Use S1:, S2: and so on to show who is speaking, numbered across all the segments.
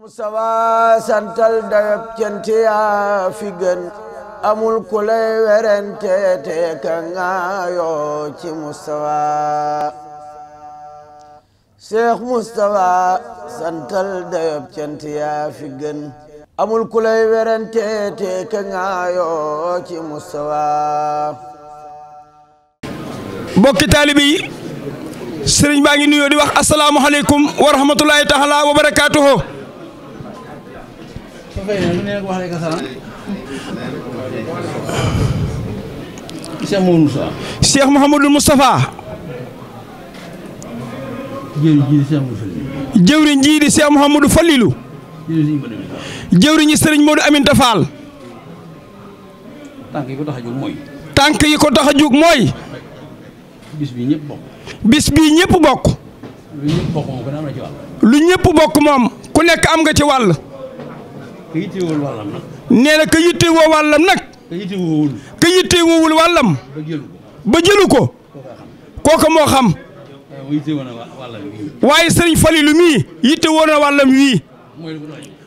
S1: Mustafa santal dayab cant yaa fi Mustafa santal dayab cant yaa gën amul ku lay werante te ka ci Mustafa
S2: bokki taalibe yi baa ngi nuyoo di wax asalaamualeykum wa rahmatulahi taala wa su fekkee lu ne wax rek asalaam. Cheikh Mouhamadou Moustapha. Cheikh Mouhamadou di Aminta Fall. tànk yi ko tax a jóg mooy. bis bii ñëpp bokk. bokk. lu ñëpp ku nekk am bokk moom ku nekk am nga ci wàll. nee na ka yitte woo wàllam nag. ka yitte woowul wàllam. ba jëlu ko. kooka moo xam. waaye sëriñ Falilu yi yitte woo na wàllam wii.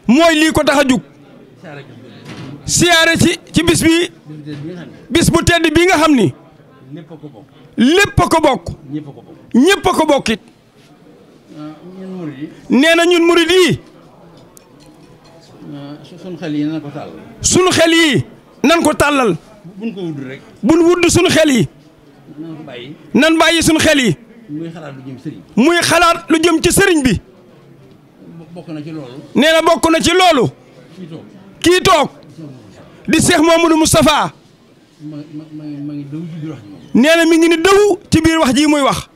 S2: mooy lii ko tax a jug. siyaare ci bis bi bis bu tedd bii nga xam ni. lépp ko bokk. lépp ko bokkit. Ah, nee na ñun murid yi. sunu xel yi nan ko tàllal. sunu xel yi nan ko tàllal. buñ ko wudd rek. sunu xel yi. nan bàyyi. nan bàyyi sunu xel yi. muy xalaat lu jëm xalaat lu jëm ci sëriñ bi. bokk na ci nee bokk na ci loolu. kii toog kii toog. di Cheikh Mamadou Moustapha. ma ma ma ngi daw mi ngi ni daw ci biir wax ji muy wax.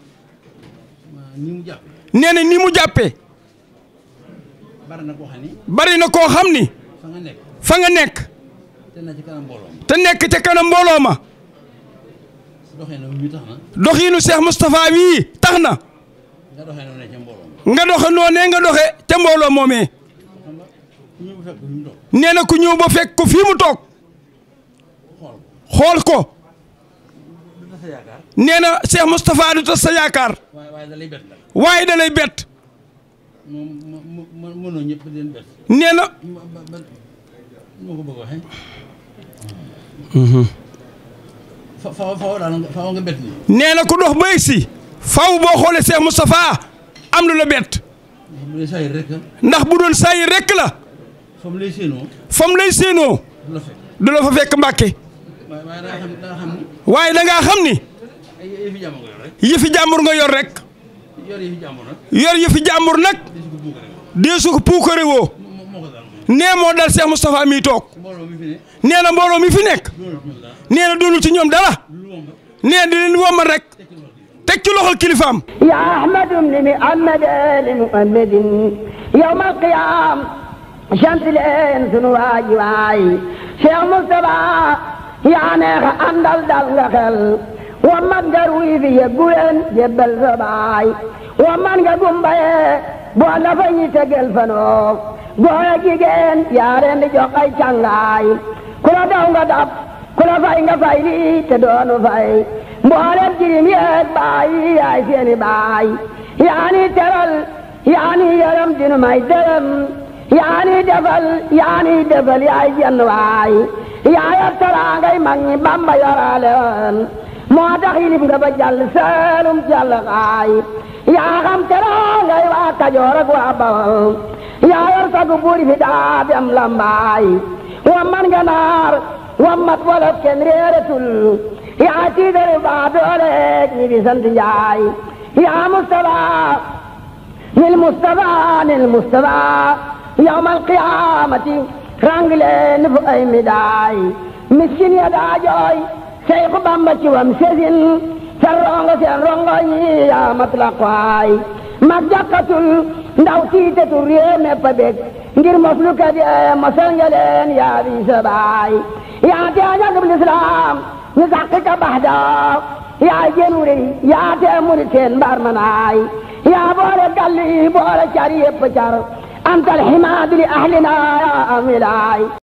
S2: ni mu jàppee. nee na ni mu jàppee. bari na koo bari na koo xam ni. fa nga nekk. fa nga nekk. te nekk ca kanam mbooloo ma. te nekk ca kanam mbooloo ma. wi tax na. wii tax na. nga doxee noonu ca mbooloo ma. nga doxe noonee nga doxe ca mbooloo moomee. nee na ku ñëw ba fekk ko fii mu toog. xool ko. nee na Cheikh Moustapha du tas sa yaakaar. waaye da lay mënoo ñëpp leen bett. nee na. ma ko bëgg a mhm. nee na ku dox ba egsi. faaw boo xoolee Cheikh Moustapha am lu la bett. ndax bu doon saa yi rek la. fa lay séenoo. fa lay séenoo. du la fa fekk mbàkke. waaye da ngaa xam ni. yëfi jàmbur jàmbur nga yor rek. yor yëfi jàmbur nag. yor yëfi jàmbur nag. deesu woo. nee moo dal Cheikh Moustapha mi toog. nee na mbooloo mi fi nekk. nee na doonul ci ñoom dara. nee di leen womal rek. teg ci loxol
S1: kilifaam. yaa Ahmadu li Muhammad li Muhammadin yawmal qiyaam sant leen sunu waaji waay Cheikh Moustapha yaa neex a àndal dal nga xel. wa mag daru yi fi yeggu leen jébbal sa wa man nga gumbayee boo la fa ñi tegel fanoo góor ak jigéen yaa di jox ay càngaay ku la daw nga dab ku la fay nga fay lii te doonu fay mboolem jirim yeeg baay yaay seeni baay yaa ni teral yaa ni yaram dinu may dërëm yaa ni defal yaa yaay jenn waay yaa yor teraangay mag ñi Bamba yoraale moo tax yilif nga ba jàll saalum jàll xaay yaa xam teraangay waa Kajoor ak waa Bawol yaa yor sagu buur fi daa bi am lambaay wa man nga naar wa mat wolof kenn réeratul yaa tiitari baa doole ñi di sant Njaay yaa Mustafa nil Mustafa nil Mustafa yawmal qiyaamati rang leen fu ay midaay miskin ya daa jooy Seyxu Bamba ci wam sesin sa rongo seen rongo yi yaa mat la xooy mag jàkkatul ndaw tiitetul réew mépp a bég ngir mos lu ko dee mosal nga leen yaa bi sa yaa tee ñagub lislaam ñu sàqi ka yaa jénu rëy yaa tee murit seen mbaar manaay yaa boole galli boole car yépp car antal ximaadili ahlina yaa am wilaay